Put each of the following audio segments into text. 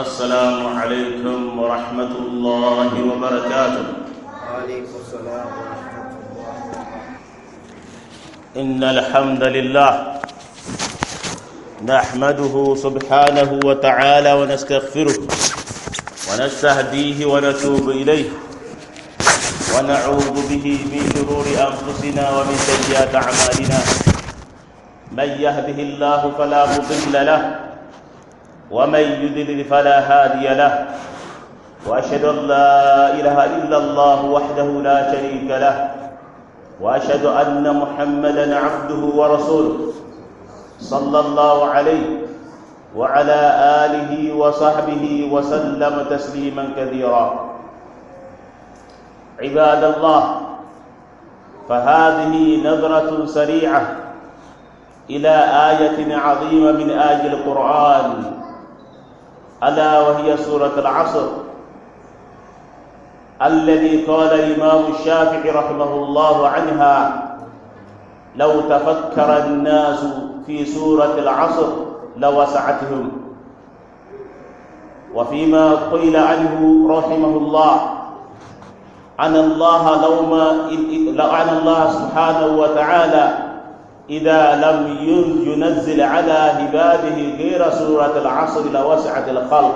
السلام عليكم ورحمة الله وبركاته وعليكم السلام ورحمة الله إن الحمد لله نحمده سبحانه وتعالى ونستغفره ونستهديه ونتوب إليه ونعوذ به من شرور أنفسنا ومن سيئات أعمالنا من يهده الله فلا مضل له ومن يذلل فلا هادي له وأشهد أن لا إله إلا الله وحده لا شريك له وأشهد أن محمدا عبده ورسوله صلى الله عليه وعلى آله وصحبه وسلم تسليما كثيرا عباد الله فهذه نظرة سريعة إلى آية عظيمة من آي القرآن ألا وهي سورة العصر الذي قال الإمام الشافعي رحمه الله عنها لو تفكر الناس في سورة العصر لوسعتهم وفيما قيل عنه رحمه الله عن الله لوما لعن الله سبحانه وتعالى إذا لم ينزل على عباده غير سورة العصر لوسعت الخلق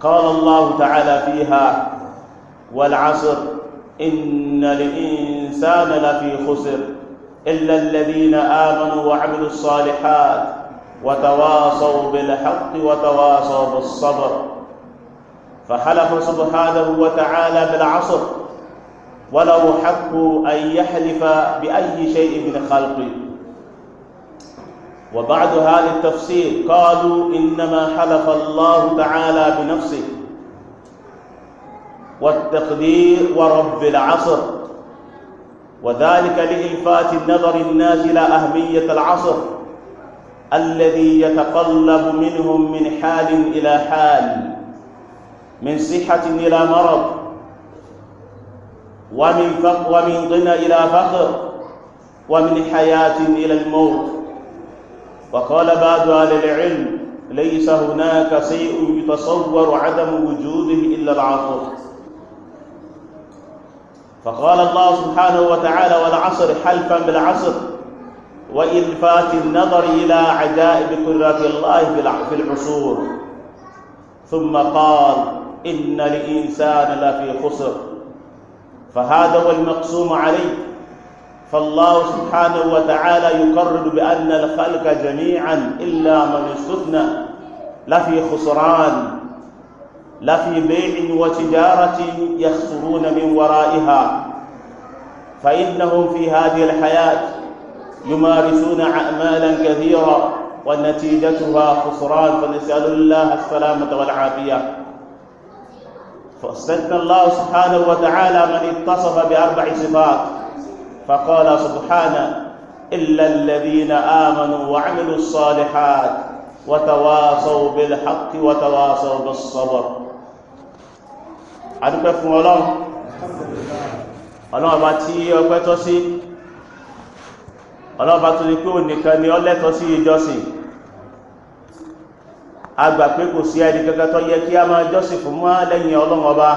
قال الله تعالى فيها والعصر إن الإنسان لفي خسر إلا الذين آمنوا وعملوا الصالحات وتواصوا بالحق وتواصوا بالصبر فحلف سبحانه وتعالى بالعصر وله حق أن يحلف بأي شيء من خلقه وبعد هذا التفسير قالوا إنما حلف الله تعالى بنفسه والتقدير ورب العصر وذلك لإلفات النظر الناس إلى أهمية العصر الذي يتقلب منهم من حال إلى حال من صحة إلى مرض ومن فقر ومن غنى إلى فقر ومن حياة إلى الموت وقال بعض أهل العلم ليس هناك شيء يتصور عدم وجوده إلا العصر فقال الله سبحانه وتعالى والعصر حلفا بالعصر وإلفات النظر إلى عجائب قدرة الله في العصور ثم قال إن الإنسان لفي خسر فهذا هو المقسوم عليه فالله سبحانه وتعالى يقرر بأن الخلق جميعا إلا من استثنى لفي خسران لفي بيع وتجارة يخسرون من ورائها فإنهم في هذه الحياة يمارسون أعمالا كثيرة ونتيجتها خسران فنسأل الله السلامة والعافية فاستثنى الله سبحانه وتعالى من اتصف باربع صفات فقال سبحانه إلا الذين آمنوا وعملوا الصالحات وتواصوا بالحق وتواصوا بالصبر adúpẹ́ fún ọlọ́run ọlọ́run bá tí ọpẹ́ tọ́ sí ọlọ́run bá tó ní pé òun nìkan ni àgbà pé kò sí ẹni kankan tó yẹ kí a máa jọ́sìn fún mọ́ lẹ́yìn ọlọ́run ọba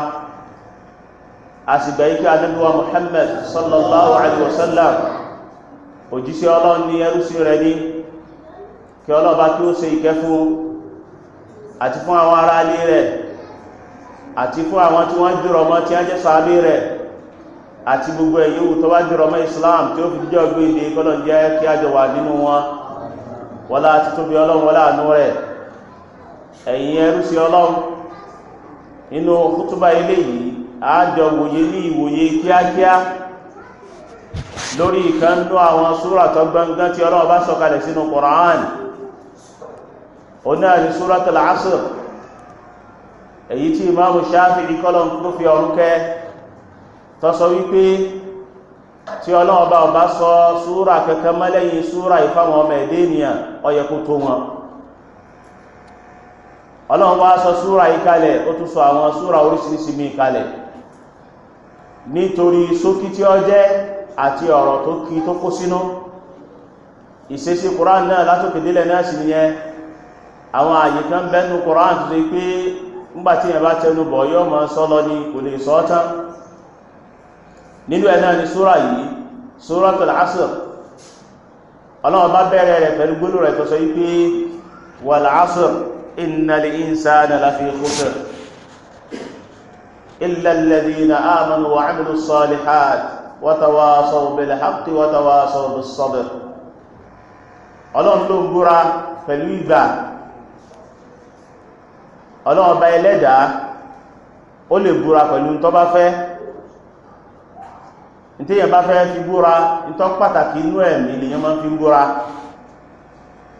àsìgbà yìí kí ànábì wa Muhammad sallallahu alayhi wa sallam òjíṣẹ́ ọlọ́run ní ẹrú sí rẹ̀ ní kí ọlọ́ba kí ó ṣe ìkẹ́ fún àti fún àwọn ará ilé rẹ̀ àti fún àwọn tí wọ́n dúró mọ́ tí wọ́n jẹ́ sàábé rẹ̀ àti gbogbo ẹ̀yẹ́wò tó bá dúró mọ́ Islam tí ó fi jẹ́ ọgbẹ́ ìdè kọ́lọ̀ jẹ́ kí a jọ wà nínú wọn wọlá àti tóbi ọlọ́run wọlá àánú rẹ̀ ẹ̀yin ẹrú sí ọlọ́run inú kútúbà eléyìí àájọ wòye ní ìwòye kíákíá lórí ìkánú àwọn súrà tó gbangán tí ọlọ́run bá sọ̀kalẹ̀ sínú Qur'an oní àrí súratul Asr èyí tí Imamu Shafi'i kọ́lọ̀n tó fi ọrúkẹ́ tó sọ wípé tí ọlọ́run bá ọba sọ súrà kankan mẹ́lẹ́yìn súrà ìfáwọn ọmọ ẹ̀dẹ́ ènìyàn ó tó wọn ọlọ́run wá sọ súra yìí ó tún sọ àwọn súra oríṣiríṣi mi kalẹ̀ nítorí sókí tí ó jẹ́ àti ọ̀rọ̀ tó kí tó kó sínú ìṣesí Qur'an náà látòkè délẹ̀ náà sì nìyẹn àwọn àyè kan bẹ́nu Qur'an tó ṣe pé ńgbàtí ẹ̀ bá tẹnu bọ̀ yóò mọ́ sọ lọ ní kò lè sọ tán nínú ẹ̀ náà ni súra yìí Suratul Asr ọlọ́run bá bẹ̀rẹ̀ rẹ̀ pẹ̀lú gbólóhùn rẹ̀ tó sọ innal insana lafi khusr illa alladhina amanu wa 'amilus salihat wa tawasaw bil haqqi wa tawasaw bis sabr ọlọ́run ló ń búra pẹ̀lú ìgbà ọlọ́run bá ẹlẹ́dàá ó lè búra pẹ̀lú tó bá fẹ́ ní tí yẹn bá fẹ́ fi búra ní tó pàtàkì inú ẹ̀mí lèyàn fi búra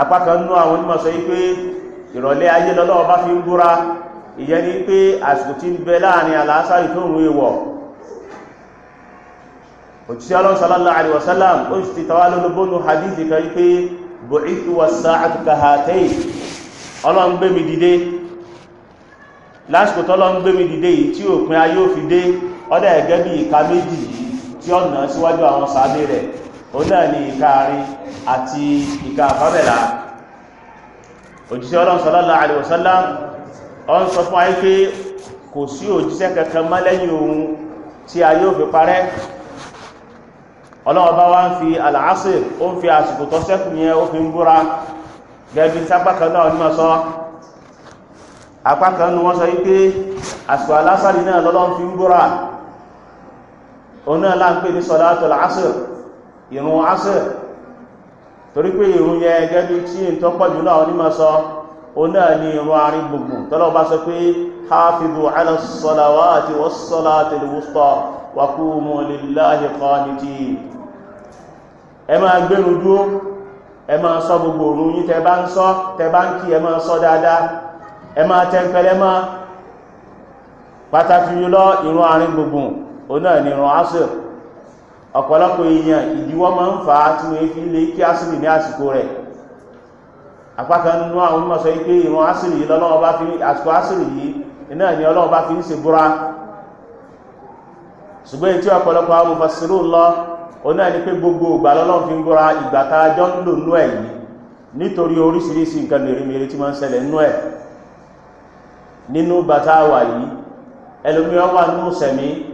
apákan nú àwọn onímọ̀ sọ wípé ìrọ̀lẹ́ ayé lọ́lọ́wọ́ bá fi ń búra ìyẹn ni pé àsìkò tí ń bẹ láàrin àlàásárì tó rún ewọ̀ òjíṣẹ́ ọlọ́run sallallahu alaihi wasallam ó sì ti tawá lólobónú hadithi kan wípé bu'ithu was-sa'atu kahatayn ọlọ́run gbé mi dìde lásìkò tọ́lọ́run gbé mi dìde yìí tí òpin ayé ò fi dé ọdẹ ẹ̀gẹ́ bí ìka méjì yìí tí ọ̀nà síwájú àwọn sàábé rẹ̀ ó náà ní ìka àti ìka àbábẹ̀lá òjíṣẹ́ ọlọ́run sallallahu alaihi wasallam ọ ń sọ fún ayé pé kò sí òjíṣẹ́ kankan mọ́ lẹ́yìn ohun tí a yóò fi parẹ́ ọlọ́run bá wá ń fi al-asr ó ń fi àsìkò tó ṣẹ́kù yẹn ó fi ń búra gẹ́bí sápákan náà ní ọ̀sọ́ apákan ní wọ́n sọ wípé àsìkò al-asr náà lọ́lọ́run fi ń búra òun náà láǹpẹ́ ní salatul asr ìrun asr torí pé ìrun yẹ gẹ́gẹ́ bí tí n tó pọ̀jù náà onímọ̀ sọ òun náà ni ìrun àárín gbùngbùn tọ́lọ́ bá sọ pé hafidu ala salawati was salatil wusta wa qumu lillahi qanitin ẹ máa gbẹ́nu dúró ẹ máa sọ gbogbo òun ọ̀pọ̀lọpọ̀ èèyàn ìdíwọ́ máa ń fa tí wọ́n fi lè kí asìlì ní àsìkò rẹ̀ apákan nínú àwọn onímọ̀ sọ pé ìran asìlì yìí lọ́lọ́wọ́ bá fi àsìkò asìlì yìí iná ni Ọlọ́run bá fi ń ṣe búra ṣùgbọ́n tí ọ̀pọ̀lọpọ̀ àwọn òfàṣìlú lọ oná ẹni pé gbogbo ìgbà lọ́lọ́run fi ń búra ìgbà tá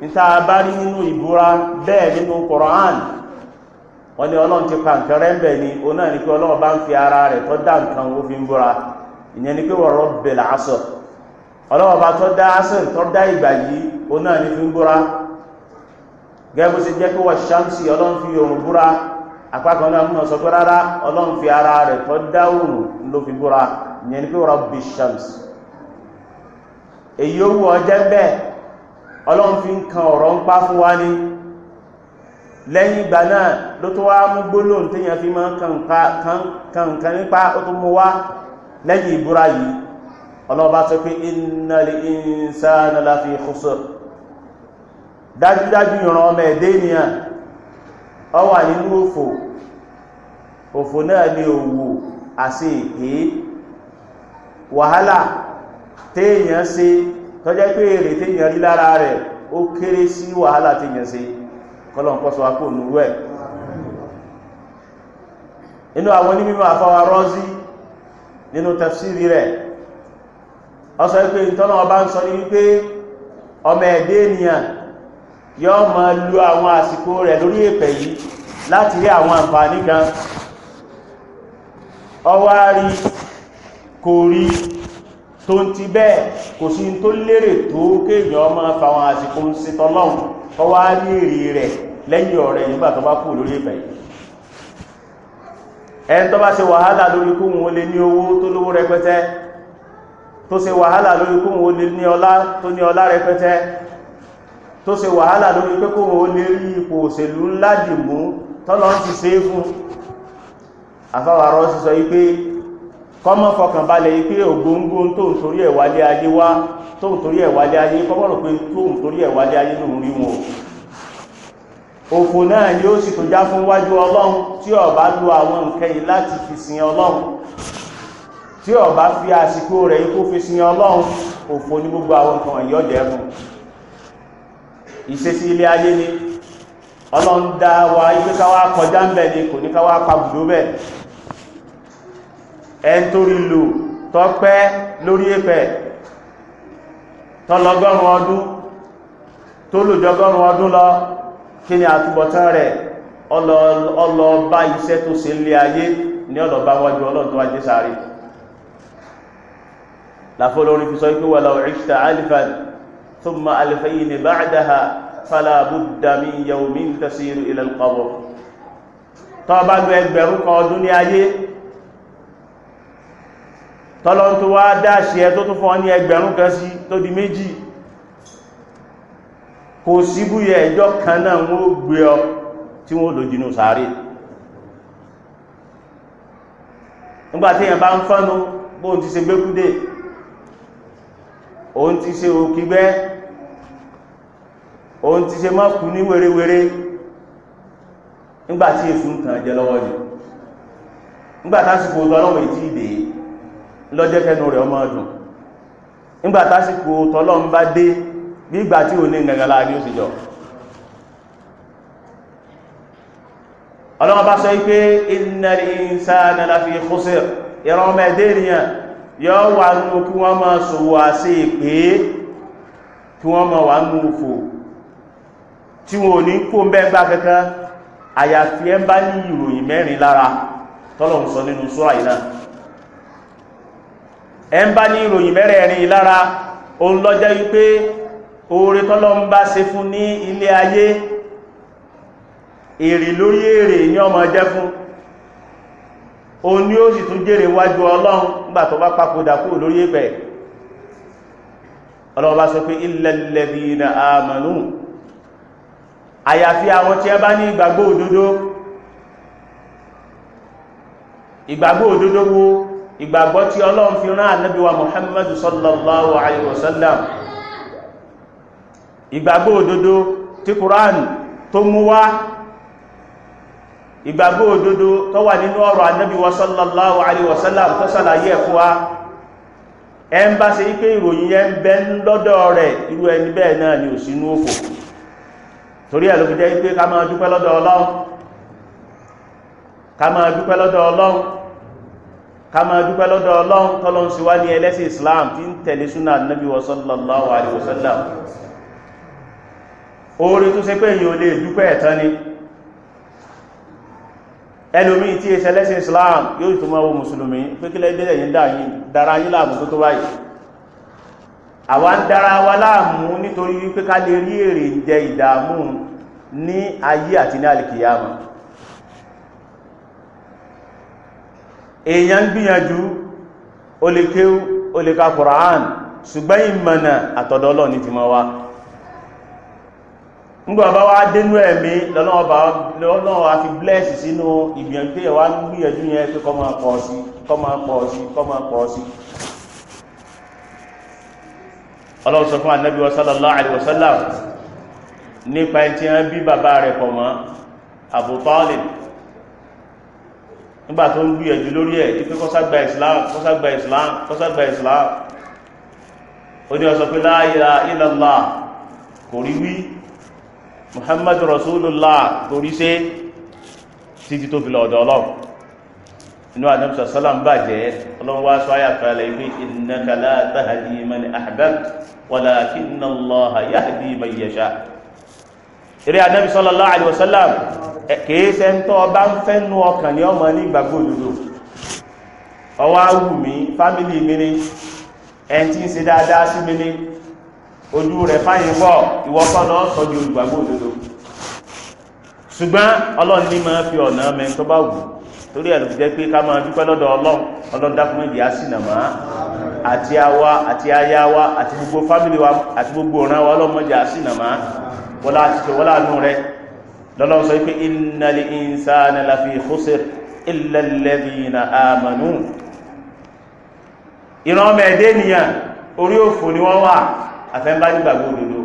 níta bá rí nínú ìbúra bẹ́ẹ̀ nínú Qur'an wọ́n ní ọlọ́run ti pa nǹkan rẹ̀ ni òun náà ni pé ọlọ́run bá ń fi ara rẹ̀ tó dá nǹkan ó fi ń búra ìyẹn ni pé wa Rabbil Asr ọlọ́run bá tó dá asr tó dá ìgbà yìí òun náà ni fi ń búra gẹ́gẹ́ bó ṣe jẹ́ pé wash-shamsi ọlọ́run fi òun búra apákan náà múnà sọ pé rárá ọlọ́run fi ara rẹ̀ tó dá òun ló fi búra ìyẹn ni pé Rabbish-shams èyí ó wù ọ bẹ́ẹ̀ ọlọ́run fi ń kan ọ̀rọ̀ ń pá fún wa ní lẹ́yìn ìgbà náà ló tó wá mú gbólóhùn téèyàn fi máa kànkan nípa ó tó mú wá lẹ́yìn ìbúra yìí ọlọ́run bá sọ pé innal insana lafi khusr dájúdájú ìran ọmọ ẹ̀dẹ́ ènìyàn ó wà nínú òfò òfò náà ni òwò àti èké wàhálà téèyàn ṣe tó pé èrè rí lára rẹ̀ ó kéré sí wàhálà tí ṣe sí kọ́ sọ ẹ̀ inú àwọn onímọ̀ àfọwà rọ́ọ̀sì nínú tafsiri rẹ̀ ọsọ ọba ń sọ ní wípé ọmọ ẹ̀dẹ́ ènìyàn àwọn àsìkò rẹ̀ lórí èpẹ̀ yìí láti rí tó ń ti bẹ́ẹ̀ kò sí tó lérè tó kéèyàn ọmọ fàwọn àsìkò ń ṣe tọ́lọ́hùn kọ́ wá ní èrè rẹ̀ lẹ́yìn ọ̀rẹ́ nígbà tó bá kú lórí ìfẹ́ yìí ẹni tó bá ṣe wàhálà lórí kóhun ó lè ní owó tó lówó rẹpẹtẹ tó ṣe wàhálà lórí kóhun ó ní ọlá rẹpẹtẹ tó ṣe wàhálà lórí pé ó lè rí ipò òṣèlú ńlá dìmú tọ́lọ́ ti ṣe é fún àfáwàrọ́ sí sọ wípé kọ́mọ́ fọkàn balẹ̀ yìí pé ògóńgó tó ń torí ẹ̀ wálé ayé wá tó ń torí ẹ̀ wálé ayé kọ́mọ́ rò pé tó ń torí ẹ̀ wálé ayé lòún rí wọn òfò náà yóò sì tó já fún wájú ọlọ́run tí ó bá lo àwọn nǹkan yìí láti wa ipé káwá kọjá ń ẹn tó rí lò tọ́pẹ́ lórí ẹ̀pẹ̀ tọ́lọ́gọ́rùn ọdún tó lòjọ́gọ́rùn ọdún lọ kí ni àtúbọ̀tán rẹ̀ ọlọ́ọ̀bá iṣẹ́ tó ṣe lé ayé ní ọlọ́ọ̀bá wájú ọlọ́ọ̀tọ́ ajé sáré láfọ́lórí fi sọ ikú wà láwọ̀ ìṣta alifan thumma alifayin ba'daha fala budda min yawmin tasiru ila al-qabr tó bá tọ́lọ́n tó wá dáṣẹ́ ẹ tó tún fún ní ẹgbẹ̀rún kan sí tó di méjì kò síbúyẹ ẹjọ́ kan náà wọ́n gbé ọ tí wọ́n lò jínú sáré nígbàtí èyàn bá ń fọ́nu bó ti ṣe gbékúdé òun ti ṣe òkígbẹ́ òun ti ṣe mọ́kù ní wèrèwèrè nígbàtí èfún tàn jẹ lọ́wọ́ jù nígbàtásìkò lọ́lọ́wọ́ ìtí ìdèé lọ́jẹ́ kẹnu rẹ̀ ọmọ ọdún nígbà tásìkò tọ́lọ́n bá dé bí ìgbà tí ò ní gàgàlá ní ó sì jọ ọlọ́wọ́ bá sọ wípé innal insana lafi khusr ìran ọmọ ẹ̀dẹ́ ènìyàn yọ wà nínú kí wọ́n ní tọ́lọ̀ ń sọ nínú súrà yìí ẹ ń bá ní ìròyìn mẹ́rẹ̀ẹ̀rin lára òun lọ́jẹ́ wípé oore tọ́lọ́ ń bá ṣe fún ní ilé ayé èrè lórí èrè ní ọmọ jẹ́ fún o ní ó sì tún jèrè wájú ọlọ́run nígbà tó bá papòdà kúrò lórí ẹ̀pẹ̀ ọlọ́run sọ pé ilẹ̀lẹ̀bì na òdodo wo ìgbàgbọ́ tí ọlọ́run fi rán ànábì wa muhammadu sallallahu alayhi wa sallam ìgbàgbọ́ òdodo tí quran tó mú wá ìgbàgbọ́ òdodo tó wà nínú ọ̀rọ̀ ànábì wa sallallahu alayhi wa sallam tó sàlàyé ẹ̀fún wa ẹ ń bá ṣe wípé ìròyìn yẹn ń bẹ lọ́dọ̀ rẹ̀ irú ká máa dúpẹ́ lọ́dọ̀ ọlọ́run tọ́lọ́run sí wá ní ẹlẹ́sìn islam tí ń tẹ̀lé súnà nàbí wa sallallahu alaihi wasallam oore tó ṣe pé èyàn lè dúpẹ́ ẹ̀tán ni ẹlòmí tí ẹsẹ̀ lẹ́sìn islam yóò tó máa wo mùsùlùmí pé kílẹ̀ ìdẹ́lẹ̀ yìí dára èèyàn gbìyànjú ó lè kéwú ó lè ka Qur'an ṣùgbọ́n ìmọ̀nà àtọ̀dọ̀ Ọlọ́run ní ti mọ́ wá ngbà bá wá dénú ẹ̀mí lọ́lọ́wọ́ a fi blẹ́ẹ̀sì sínú ìgbìyànjú tẹ́ wá ń gbìyànjú yẹn pé kọ́ máa pọ̀ sí kọ́ máa pọ̀ sí kọ́ máa pọ̀ sí ọlọ́run sọ fún ànábì sallallahu alaihi wasallam nípa ẹni tí wọ́n bí bàbá rẹ̀ pọ̀ mọ́ Abu nígbà tó ń gbìyànjú lórí ẹ̀ ipe kọ́sàgbà islam kọ́sàgbà islam kọ́sàgbà islam ó ní ọ̀sọ̀ pé la ilaha illallah kò rí wí muhammadu rasulullah kò rí ṣe títí tó fi lọ ọ̀dọ̀ ọlọ́run inú àdámsà sálàm bàjẹ́ ọlọ́run wá eré anábì sallallahu alaihi wasallam kìí ṣe ń tọ́ ọba ń fẹ́ nú ọkàn ní ọmọ ní ìgbàgbọ́ òdodo ọwọ́ awù mí fámìlì mi ni ẹn tí ń ṣe dáadáa sí mi ni ojú rẹ̀ fáyín pọ̀ ìwọ́kọ́ náà sọ́jú olùgbàgbọ́ òdodo ṣùgbọ́n ọlọ́run ní máa fi ọ̀nà mẹ́rin tó bá wù torí ẹ̀lú jẹ́ pé ká máa dúpẹ́ lọ́dọ̀ ọlọ́run ọlọ́run dákun ìdí àsìnàmá àti àwa àti aya wa àti gbogbo fámìlì wa àti gbogbo ọ̀ràn wa ọlọ́mọdé àsìnàmá wọlá àtìkò wọlá àánú rẹ̀ lọ́lọ́wọ́ sọ pé innal insana lafi khusr illa alladhina amanu ìran ọmọ ẹ̀dẹ́ ènìyàn orí òfò ni wọ́n wà àfẹ́mbá nígbàgbọ́ òdodo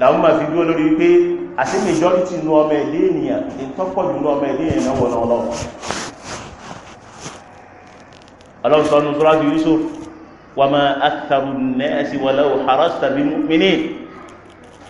làwọn máa fi dúró lórí pé àti majority nu ọmọ ẹ̀dẹ́ ènìyàn ìtọ́pọ̀ jù ọmọ ẹ̀dẹ́ ènìyàn náà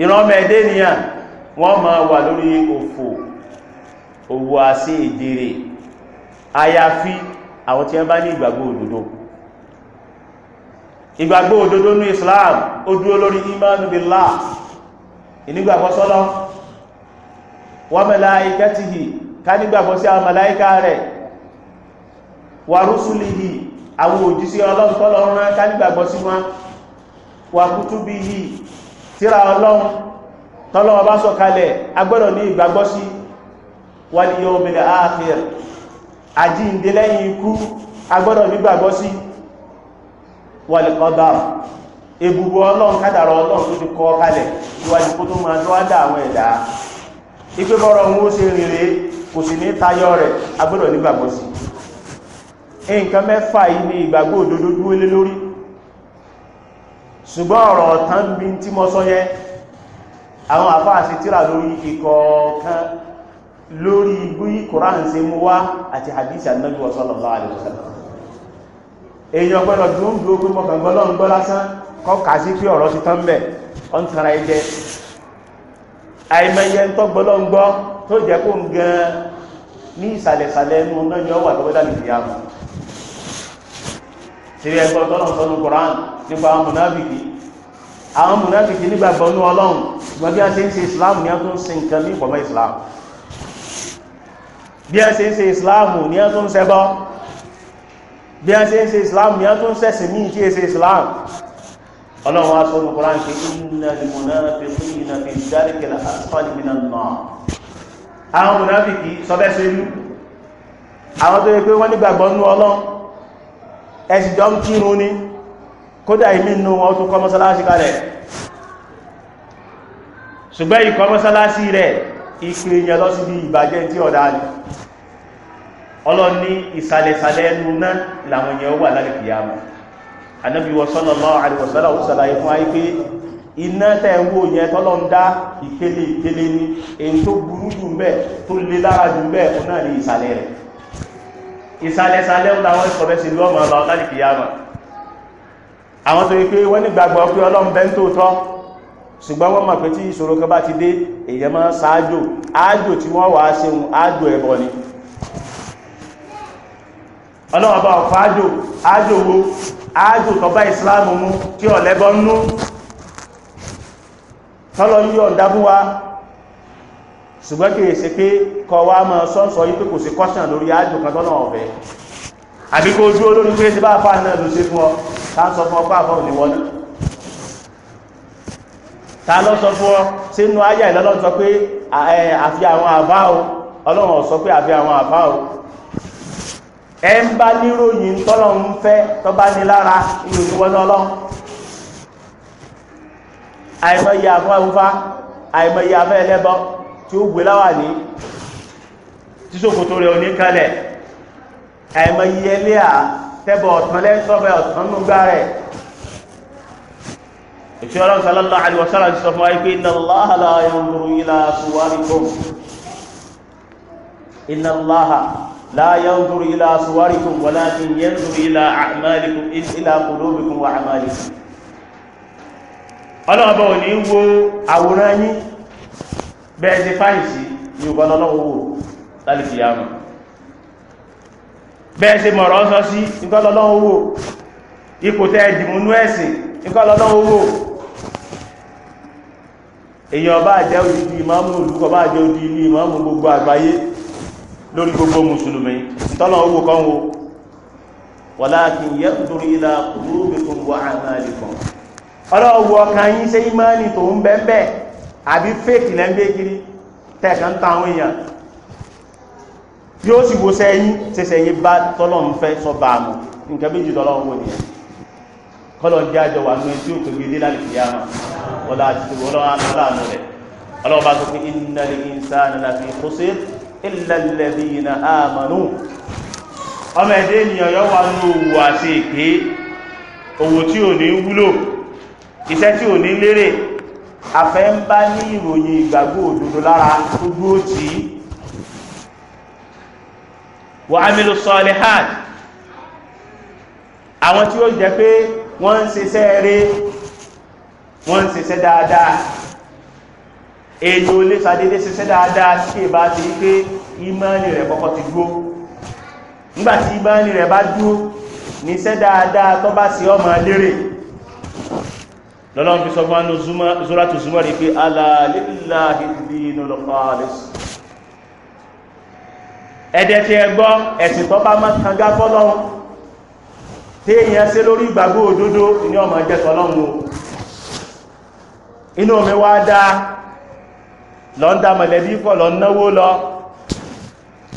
ìran ọmọ ẹ̀dẹ́ nìyàn wọ́n máa wà lórí òfò owó àṣì ìdèrè àyàfi àwọn tí wọ́n bá ní ìgbàgbọ́ òdodo ìgbàgbọ́ òdodo ní Islam ó dúró lórí imanu billah ìnígbàgbọ́ sọ́lọ́ wa malaikatihi ká nígbàgbọ́ sí àwọn màláíkà rẹ̀ wa rusulihi àwọn òjíṣẹ́ ọlọ́run tíra ọlọ́run tọ́lọ́wọ́ bá sọ kalẹ̀ agbọ́dọ̀ ní ìgbàgbọ́ sí wal yawmil akhir àjíǹde lẹ́yìn ikú agbọ́dọ̀ ní ìgbàgbọ́ sí wal qadar ebùbọ̀ ọlọ́run kádàrọ̀ ọlọ́run tó ti kalẹ̀ tó ṣùgbọ́n ọ̀rọ̀ ọ̀tán bí tí mọ́ sọ yẹn àwọn àfáà sí tíra lórí ikọ̀ kan lórí bí Kùránì ṣe mú wá àti hadith Ànábì sallallahu alaihi wasallam èèyàn pẹ́lọ̀ dùn dùn pé mọ́kàngbọ́n lọ́n gbọ́ lásán kọ́ kà sí pé ọ̀rọ̀ ti tán bẹ̀ ọ́n tara ẹjẹ́ àìmọye ń tọ́gbọ́ lọ́n gbọ́ tó jẹ́ kó ń gan ní ìsàlẹ̀sàlẹ̀ ẹnu náà ni ọ wà lọ́wọ́dà lè fi yá mọ́ sí ẹgbọ́n tọ́lọ̀ sọ́nù Kùránì nípa àwọn mùnábìkì àwọn mùnábìkì nígbàgbọ́ ní ọlọ́run ṣùgbọ́n bí a ṣe ń ṣe islam ni a tún ṣe nǹkan ní ìfọ̀mọ́ islam bí a ṣe ń ṣe islam ni a tún ṣẹbọ bí a ṣe ń ṣe islam ni a tún ṣẹ̀sìn ní ìṣe ṣe islam ọlọ́run wa sọ́nù koran ṣe iná ni mùnábìkì fi dárìkìlà asfali náà kódà ìmí inú wọn tún kọ́ mọ́sálásí kalẹ̀ ṣùgbẹ́ ìkọ́ mọ́sálásí rẹ̀ ìpè èèyàn lọ síbi ìbàjẹ́ tí ọ̀dá ni ọlọ́ni ìsàlẹ̀sàlẹ̀ ẹnu náà làwọn èèyàn wà lálẹ́ kìyàmù anábì wa sallallahu alaihi wasallam ó sàlàyé fún ayé pé iná tẹ́ ń wò yẹn tọ́lọ́ ń dá ìpele ìpele ni èyí tó burú jù mbẹ́ tó le òun náà ní ìsàlẹ̀ rẹ̀ ìsàlẹ̀sàlẹ̀ àwọn tó rí pé wọ́n ní gbàgbọ́ pé ọlọ́run bẹ́ ń tó tọ́ ṣùgbọ́n wọ́n mọ̀ pé tí ìṣòro kan bá ti dé èyàn máa ṣáájò ájò tí wọ́n wàá ṣeun ájò ẹbọ ni ọlọ́run bá ọ̀fọ́ ájò ájò wo ájò tó bá ìsìláàmù mú tí ọ̀lẹ́bọ ń nú tọ́lọ yíyọ̀ ń dábú wa ṣùgbọ́n kìí ṣe pé kọ ájò kan àbí kó dúró lórí pé tí bá fà náà ló ṣe fún ọ ta sọ fún ọ pé àfọ òní wọlé ta lọ sọ fún ọ sínú ayé ìlọ́lọ́ sọ pé àfi àwọn àbá o ọlọ́run sọ pé àfi àwọn àbá o ẹ ń bá níròyìn tọ́lọ́run ń fẹ́ tó bá ní lára ìròyìn wọnú ọlọ́run àìmọye àfọ ẹwúfá àìmọye àfọ ẹlẹ́bọ tí ó gbé láwà ní tí ṣòkòtò rẹ̀ ò ní kalẹ̀ àìmọ iye ilé à tẹ́bọ̀ ọ̀tán lẹ́yìn sọ́bẹ̀ ọ̀tán nù gbá rẹ̀ èsì ọlọ́run sallallahu alaihi wasallam sọ fún wa pé inna Allaha la yanzuru ila suwarikum inna Allaha la yanzuru ila suwarikum walakin yanzuru ila a'malikum ila qulubikum wa a'malikum ọlọ́run wo àwòrán yín bẹ́ẹ̀ ti fáyìsì ní ọgbọ́n ọlọ́run wò bẹ́ẹ̀ ṣe mọ̀rọ̀ sọ sí nǹkan lọ́lọ́wọ́ owó ipò tẹ́ ẹ̀dìmúnú ẹ̀sìn nǹkan lọ́lọ́wọ́ owó èyàn bá jẹ́ òdìdí ìmáàmù olùkọ́ bá jẹ́ gbogbo àgbáyé lórí gbogbo mùsùlùmí tí ó sì wo sẹ́yìn sẹ́sẹ̀ yìí bá tọ́lọ́run fẹ́ sọ nǹkan méjì tọ́lọ́run wò nìyẹn ọmọ ẹ̀dẹ́ ènìyàn yọ wà ní owó àti èké owó tí ò ní wúlò iṣẹ́ tí ò ní lérè àfẹ́ ń bá ní ìròyìn ìgbàgbọ́ òdodo lára tó dúró wa amilu salihat àwọn tí ó jẹ́ pé wọ́n ń ṣiṣẹ́ rere wọ́n ń ṣiṣẹ́ dáadáa èdè olè sàdédé ṣiṣẹ́ dáadáa sí ìbá ti pé ìmánì rẹ̀ kọ́kọ́ ti dúó nígbàtí ìmánì rẹ̀ bá dúó níṣẹ́ dáadáa tó bá sí ọmọ lérè lọ́lọ́run fi sọ fún àwọn zúmọ́ rí pé alàlélàhìdínú lọ́kọ́ àlẹ́sùn ẹ̀dẹ̀ tí ẹ gbọ́ ẹ̀sìn tó bá mọ́ kanga fọ́lọ́run tí èyàn ṣe lórí ìgbàgbọ́ òdodo ní ọmọ ẹjẹ́ tọ́lọ́run o inú omi wá dá lọ́ndà mọ̀lẹ́bí pọ̀ lọ náwó lọ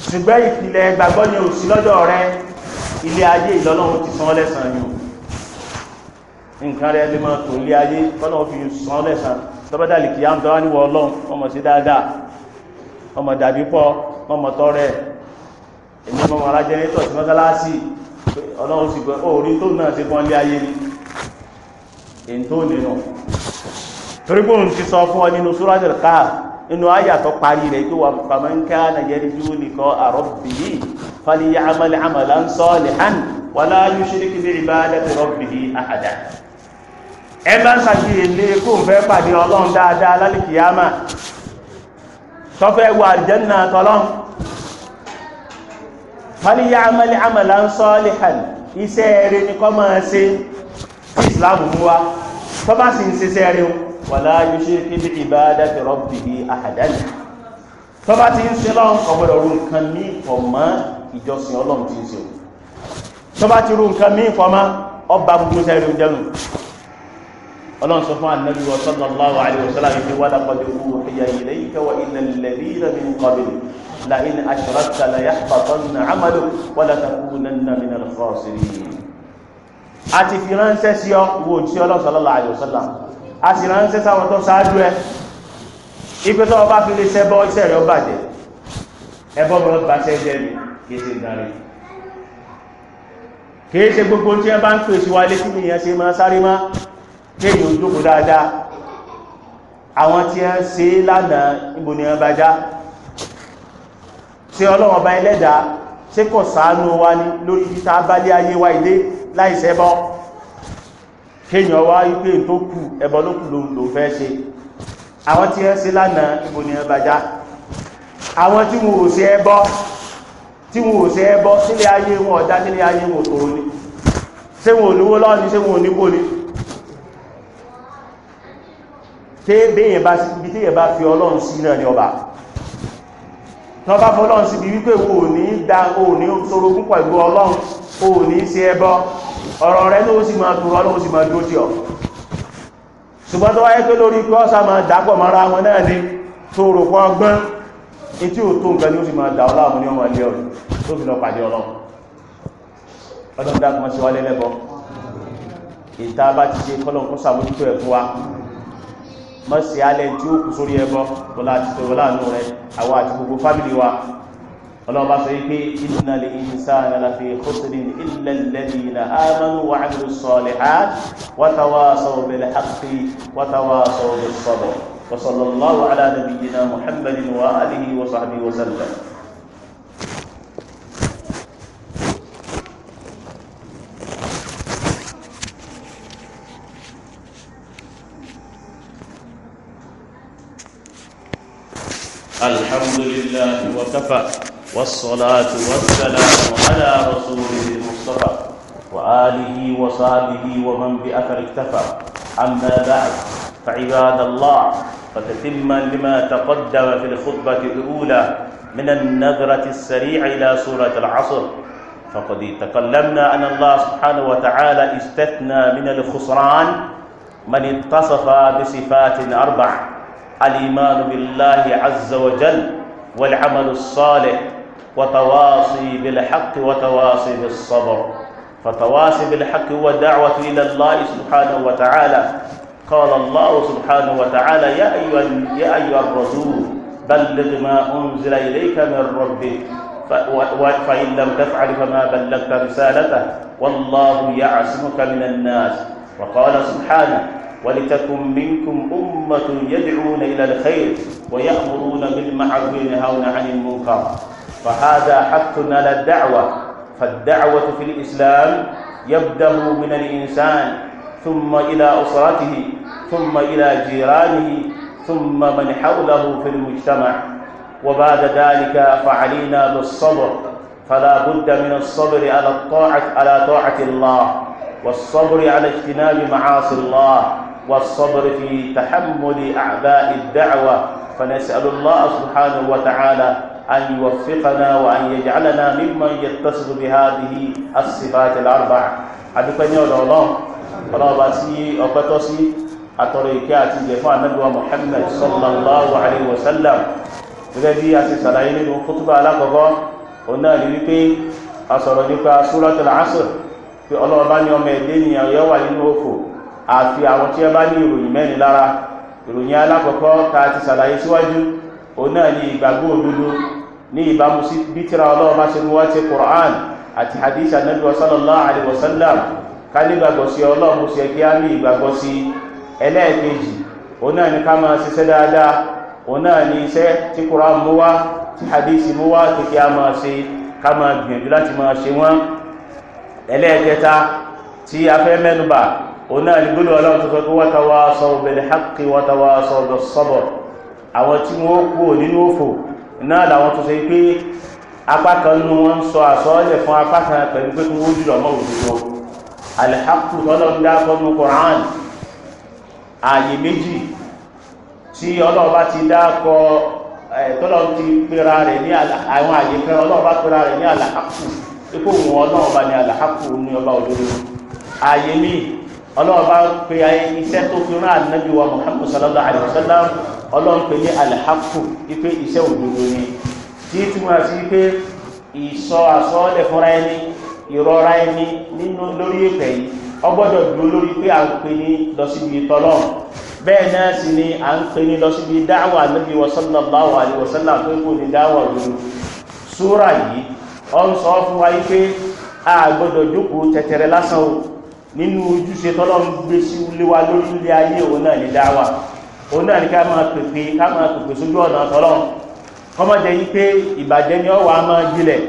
ṣùgbẹ́ ìpìlẹ̀ ìgbàgbọ́ ni òsì lọ́dọ̀ rẹ ilé ayé ìlọ́lọ́run ti san lẹ́sàn yìí nǹkan rẹ̀ lè máa tó ilé ayé tọ́lọ́run fi san lẹ́sàn tọ́bẹ́dàlì kìí àmì tọ́wá níwọ̀ ọlọ́run ọmọ sí dáadáa ọmọ dàbí pọ̀ ọmọ tọ́rẹ̀ èmi ọmọ ara jẹnẹtọ̀ sí mọ́sálásì ọlọ́run sì gbọ́ orí tó náà ti pọ́n lé ayé ni èyí tó nínú torí bóun ti sọ fún ọ nínú suratul Kahf inú àyà tó parí rẹ̀ pé wà faman kana yarju liqa'a rabbih falya'mal 'amalan salihan wala yushrik bi ibadati rabbih ahada ẹ bá ṣàkíyèlé kó fẹ́ pàdé ọlọ́run dáadáa lálẹ́ kìyàmà tọ́fẹ́ wà àlùjánnà tọ́lọ́run fàlíyà amẹ́lẹ́ amẹ́lẹ́ ń sọ lẹ́hàn iṣẹ́ rẹ̀ ní kọ́ máa ṣe tí ìsìláàmù mú wa tó bá sì ń ṣiṣẹ́ rẹ̀ wàlá yóṣe kébé ìbáadá ti rọ́bì bí àhàdánì tó bá ti ń ṣe lọ́n ọgbọ́dọ̀ rú nǹkan ní ìfọ̀mọ́ ìjọsìn ọlọ́run ti ń ṣe tó bá ti rú nǹkan ní ìfọ̀mọ́ ọba gbogbo sẹ́rẹ̀ ń jẹun ọlọ́run sọ fún ànábì wa sallallahu alaihi wa sallam ìdí wàdà لئن أشركت ليحبطن عملك ولتكونن من الخاسرين àti fi ránṣẹ́ sí ọ wo tí Ọlọ́hun sallallahu alaihi wasallam a sì ránṣẹ́ sáwọn tó ṣáájú ẹ ipe tó ọba fi lè ṣẹbọ iṣẹ́ rẹ̀ ó bàjẹ́ ẹbọ mọ́ bá ṣẹ́ jẹ́ ni kìí ṣe ìdarí kìí ṣe gbogbo tí ẹ bá ń pè sí wa létí nìyẹn ṣe máa sáré má kéèyàn ojókòó dáadáa àwọn tí ẹ ṣe lánàá níbo ni ẹ bá já ṣe ọlọ́wọ̀n bá ẹlẹ́dàá ṣe kọ̀ ṣàánú wa ní lórí títà abálé ayé wa ilé láìsẹ́ bọ́ kéèyàn wá wípé tó kù ẹbọ ló kù ló fẹ́ ṣe àwọn tí ẹ ṣe lánàá ibo ni ẹ bàjá àwọn tí wọn ò ṣe ẹbọ tí wọn ò ṣe ẹbọ sílé ayé wọn ọ̀dá sílé ayé wọn tó ní ṣé wọn ò níwó lọ́ọ̀ni ṣé wọn ò níwó ni ṣé béèyàn bá fi ọlọ́run sí náà ní ọba tó bá fọ́lọ́run síbi wípé wo ní da o ní sorogún pẹ̀lú ọlọ́run o ní ṣe ẹbọ ọ̀rọ̀ rẹ ló sì máa tòrọ ló sì máa dúró tí ọ ṣùgbọ́n tó wáyé pé lórí pé ọ́sà máa dápọ̀ mọ́ra wọn náà ni tó rò pọ́ ọgbọ́n etí ò tó nǹkan ni ó sì máa dà ọlọ́run ní ọmọ ilé ọ̀rọ̀ tó fi lọ pàdé ọlọ́run ọlọ́run dákùn sí wálé lẹ́bọ ìta bá ti ṣe kọ́lọ̀ kó sàmójútó ẹ̀kú wa mọ́ sí alẹ́ tí ó kù sórí ẹbọ tọ́lá àti tọ́lá àánú rẹ àwọn àti gbogbo fámìlì wa ọlọ́ọ̀bá sọ wípé innal insana lafi khusrin illa alladhina amanu wa 'amilu s-salihat wa tawasaw bil haqqi wa tawasaw bis sabr الحمد لله وكفى والصلاة والسلام على رسوله المصطفى وآله وصحبه ومن بأثر اكتفى أما بعد فعباد الله فتتما لما تقدم في الخطبة الأولى من النظرة السريعة إلى سورة العصر فقد تكلمنا أن الله سبحانه وتعالى استثنى من الخسران من اتصف بصفات أربع الإيمان بالله عز وجل والعمل الصالح وتواصي بالحق وتواصي بالصبر فتواصي بالحق هو دعوة إلى الله سبحانه وتعالى قال الله سبحانه وتعالى يا أيها, يا أيها الرسول بلغ ما أنزل إليك من ربك فإن لم تفعل فما بلغت رسالته والله يعصمك من الناس وقال سبحانه ولتكن منكم أمة يدعون إلى الخير ويأمرون بالمعروف وينهون عن المنكر فهذا حق على الدعوة فالدعوة في الإسلام يبدأ من الإنسان ثم إلى أسرته ثم إلى جيرانه ثم من حوله في المجتمع وبعد ذلك فعلينا بالصبر فلا بد من الصبر على الطاعة على طاعة الله والصبر على اجتناب معاصي الله والصبر في تحمل أعباء الدعوة فنسأل الله سبحانه وتعالى أن يوفقنا وأن يجعلنا ممن يتصف بهذه الصفات الأربع أدوكني أدو الله الله باسي أبتوسي أتريكات جفاء نبوة محمد صلى الله عليه وسلم gẹ́gẹ́ a ti sàlàyé على قضاء alákọ̀ọ́kọ́ o náà ní wípé a sọ̀rọ̀ nípa súratul asr pé ọlọ́ọ̀bá ní àfi àwọn tí ẹ bá ní ìròyìn mẹ́rin lára ìròyìn alákọ̀ọ́kọ́ ta ti sàlàyé síwájú òun náà ni ìgbàgbọ́ òdodo ní ìbámu sí bí tíra ọlọ́run bá ṣe mú wá ti Qur'an àti hadith anabi wa sallallahu alayhi wa sallam ká ní ìgbàgbọ́ sí ọlọ́run sí ẹgbẹ́ á ìgbàgbọ́ sí ẹlẹ́ẹ̀kejì òun náà ni ká máa ṣiṣẹ́ dáadáa òun náà ni iṣẹ́ tí Qur'an mú wá tí hadith mú wá tó kí a máa ṣe ká máa gbìyànjú láti máa ṣe wọ́n ẹlẹ́ẹ̀kẹta tí a fẹ́ mẹ́nubà òun náà gbólóhùn ọlọ́run tó fẹ́ pé watawasaw bil haqqi watawasaw bis sabr àwọn tí wọ́n kú nínú òfò náà làwọn tó ṣe pé apá kan nínú wọn ń sọ àsọọ́lẹ̀ fún apá kan pẹ̀lú pé kí wọ́n jùlọ mọ́ òdodo al-haqqu tọ́lọ́run dákọ́ nínú Qur'an ààyè méjì tí ọlọ́run bá ti dákọ́ tọ́lọ́run ti pera rẹ̀ ní àwọn àyè kan ọlọ́run bá pera rẹ̀ ní al-haqqu ipò òun ọlọ́run bá ní al-haqqu ní ọba òdodo ààyè míì ọlọ́run bá pe iṣẹ́ tó fi rán ànábì wa muhammad sallallahu alayhi wa sallam ọlọ́run pe ní alhaku ipe iṣẹ́ òdodo ni tí túmọ̀ sí pé ìsọ àsọọ́lẹ̀ fúnra ẹni ìrora ẹni nínú lórí èpè yìí ọgbọ́dọ̀ dúró lórí pé à ń pe ní lọ síbi tọ́lọ̀ bẹ́ẹ̀ náà sì ni à ń pe ní lọ síbi dáwà wa sallallahu alayhi wa pé kò ní dáwà òdodo súrà yìí ọ sọ fún wa yìí pé a jókòó tẹ̀tẹ̀rẹ̀ lásán o nínú ojúṣe tọ́lọ́run gbé sí ilé wa lórí ilé ayé òun náà ní dáwà òun náà ní ká máa pèpè ká máa pèpè sójú ọ̀nà tọ́lọ́run kọ́mọ̀jẹ́ yí pé ìbàjẹ́ ni ọwọ́ a máa gbilẹ̀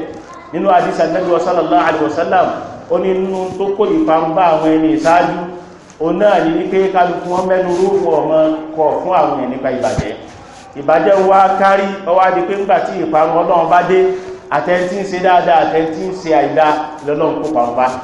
nínú àdísà Nábì sallallahu alaihi wasallam ó ní inú tó kó ìparun àwọn ẹni ìsáájú òun náà ní wípé kálukú wọn mẹ́nu rúfù ọmọ kọ̀ fún àwọn ẹni nípa ìbàjẹ́ ìbàjẹ́ wa kárí ọwọ́ adé pé ńgbà tí ìparun ọlọ́run bá dé àtẹ́ntí ń ṣe dáadáa àtẹ́ntí ń ṣe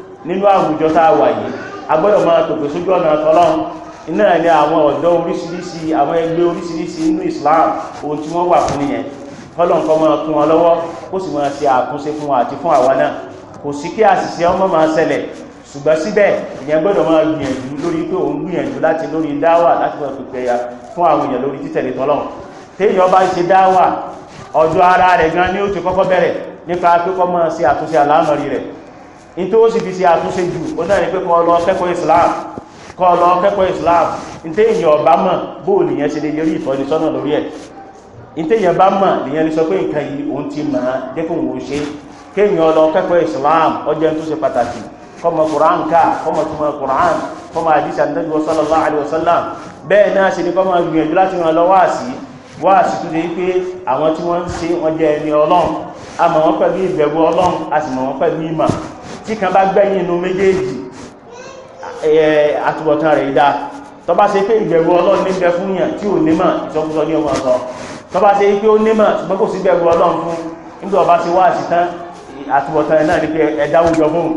nínú àwùjọ tá a wà yìí a gbọ́dọ̀ máa tòkè sójú ọ̀nà tọ́lọ́run iná ní àwọn ọ̀dọ́ oríṣiríṣi àwọn ẹgbẹ́ oríṣiríṣi nínú Islam ohun tí wọ́n wà fún nìyẹn tọ́lọ́run kọ́ máa kún wọn lọ́wọ́ kó sì máa ṣe àkúnṣe fún wọn àti fún àwa náà kò sí kí àṣìṣe ọmọ máa ṣẹlẹ̀ ṣùgbọ́n síbẹ̀ ìyẹn gbọ́dọ̀ máa gbìyànjú lórí pé òun gbìyànjú láti lórí dáwà láti máa fi pẹ̀yà fún àwọn èèyàn lórí títẹ̀lé tọ́lọ́run téèyàn bá ṣe dáwà ọjọ́ ara rẹ̀ gan ni ó ti kọ́kọ́ bẹ̀rẹ̀ nípa pé kọ́ máa ṣe àtúnṣe àlámọ̀rí rẹ̀ in tó sì fi ṣe àtúnṣe jù ó náà ní pé kọ́ lọ kẹ́kọ̀ọ́ Islam kọ́ lọ kẹ́kọ̀ọ́ Islam in tẹ́ èyàn ọba mọ̀ bó nìyẹn ṣe lè yọrí ìtọ́nisọ́nà lórí ẹ̀ in tẹ́ èyàn bá mọ̀ nìyẹn lè sọ pé nǹkan yìí òun ti mọ̀ á dẹ́kun òun ṣe kéèyàn lọ kẹ́kọ̀ọ́ Islam ọjọ́ tó ṣe pàtàkì kọ́mọ Quran ká kọ́mọ tó mọ Quran kọ́mọ àdìsí àdìsí sallallahu alaihi wasallam bẹ́ẹ̀ náà ṣe ni kọ́mọ gbìyànjú láti ràn lọ́wọ́ àsì wá sí tó dé pé àwọn tí wọ́n ń ṣe wọ́n jẹ́ ẹni ọlọ́run a mọ̀ wọ́n pẹ̀lú ìbẹ̀wò ọlọ́run a sì mọ̀ wọ́n pẹ̀lú ìmọ̀ tí kan bá gbẹ̀yìn inú méjèèjì àtúbọ̀tán rẹ̀ ìdá tó bá ṣe pé ìbẹ̀rù ọlọ́run ní bẹ fún yàn tí ò nímọ̀ ìsọkúsọ ní ọmọ ọ̀sán tó bá ṣe pé ó nímọ̀ ṣùgbọ́n kò sí bẹ̀rù ọlọ́run fún nígbà ọba ṣe wá àṣìtán àtúbọ̀tán rẹ̀ náà ní pé ẹ̀dá wùjọ fún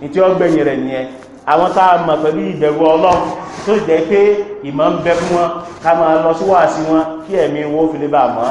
ní tí ó gbẹ̀yìn rẹ̀ nìyẹn àwọn tá a mọ̀ pẹ̀lú ìbẹ̀rù ọlọ́run tó jẹ́ pé ìmọ̀ ń bẹ fún wọn ká máa lọ sí wáàsí wọn kí ẹ̀mí wọn ó fi lè bà mọ́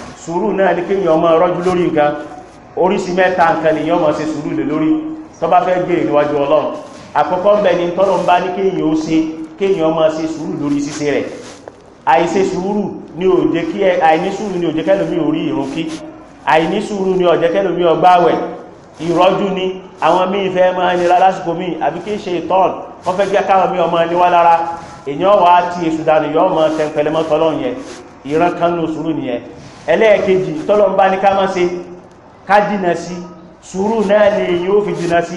sùúrù náà ní kéèyàn ọmọ rọ́jú lórí nǹkan oríṣi mẹ́ta nǹkan lèyàn ọmọ ṣe sùúrù lè lórí tó bá fẹ́ gbé níwájú ọlọ́run àkọ́kọ́ bẹ̀ ni tọ́lọ̀ ń bá ní kéèyàn ó ṣe kéèyàn ọmọ ṣe sùúrù lórí ṣíṣe rẹ̀ àìṣe sùúrù ni ò jẹ́ kí àìní sùúrù ni ò jẹ́ kẹ́lòmí ò rí ìrun kí àìní sùúrù ni ò jẹ́ kẹ́lòmí ó gbààwẹ̀ ìrọ́jú ni àwọn míì fẹ́ máa nira lásìkò míì àbí kí ṣe ìtọ́n wọ́n fẹ́ jẹ́ káwọn míì ọmọ níwá lára èèyàn wà á ti èṣù dànù yọ ọmọ tẹ̀pẹ̀lẹ́mọ́tọ́lọ́ yẹn ìran kan ní sùúrù nìyẹn ẹlẹ́ẹ̀kejì tọ́lọ̀mbá ní ká má ṣe ká dínà sí sùúrù náà ni èyí ó fi dínà sí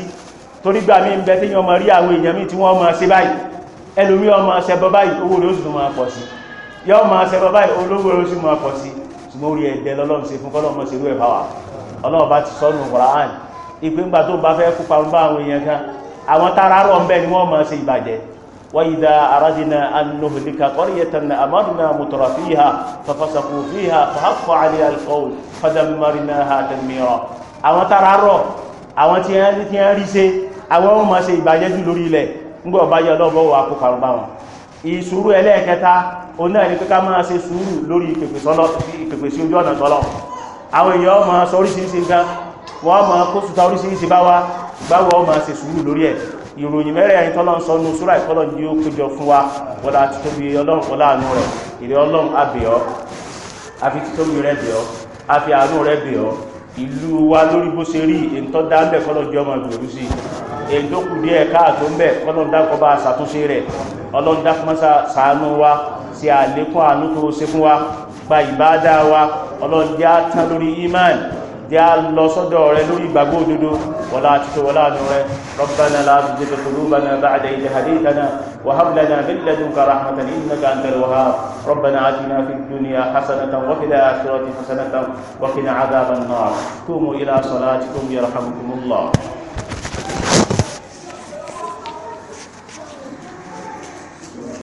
torí gbà mí ń bẹ tí yọmọ rí àwọn èèyàn míì tí wọ́n máa ṣe báyìí ẹlòmí ọmọ ṣẹbọ báyìí owó ló sì tún máa pọ̀ sí yọ ọmọ ṣẹbọ báyìí olówó ló sì máa pọ̀ sí ṣùgbọ́n orí ẹ̀dẹ́ lọ́lọ́run ṣe fún kọ́lọ́mọ وإذا أردنا أن نهلك قرية أمرنا متر فيها ففسقوا فيها فحق عليها القول فدمرناها تدميرا àwọn tara rọ̀ àwọn tí wọ́n ti ń rí ṣe àwọn ohun ma ṣe ìbàjẹ́ jù lórí ilẹ̀ ńgbọ́ ọ̀báyé ọlọ́bọ̀ wà kó karùn bá wọn ìṣúrú ẹlẹ́ẹ̀kẹta o náà ní kíká máa ṣe sùúrù lórí ìpèpè sí ojú ọ̀nà sọ́lọ̀ àwọn èèyàn ma sọ oríṣiríṣi nǹkan wọ́n ma kó sùta oríṣiríṣi bá wa báwo ma ṣe sùúrù lórí ẹ̀ ìròyìn mẹ́rẹ̀ ẹ̀yìn tọ́lọ́ ń sọ ní sùúrà ìkọlọ̀ ní ó péjọ fún wa wọlá títóbi ọlọ́run wọlá àánú rẹ̀ ìrẹ́ ọlọ́run àbẹ̀ọ́ àfi títóbi rẹ̀ bẹ̀ọ́ àfi àánú rẹ̀ bẹ̀ọ́ ìlú wa lórí bó ṣe rí èyí tó dá ń bẹ̀ kọ́lọ̀ jẹ́ ọmọ ìgbèrú sí èyí tó kù díẹ̀ káàtó ń bẹ̀ kọ́lọ̀ ń dákọ́ bá ṣàtúnṣe rẹ̀ ọlọ́run dákọ́ mọ́sá ṣàánú wa ṣe àlékún àánú tó ṣe fún wa gba ìbádá wa ọlọ́run jẹ́ tán lórí imáàlì jẹ́ a lọ sọ́dọ̀ rẹ lórí ìgbàgbọ́ òdodo wọlá àtútò wọlá àánú rẹ rọ́bánà láàbùdé tó bá náà وهب لنا من لدنك رحمة إنك أنت الوهاب ربنا آتنا في الدنيا حسنة وفي الآخرة حسنة وقنا عذاب النار قوموا إلى صلاتكم يرحمكم الله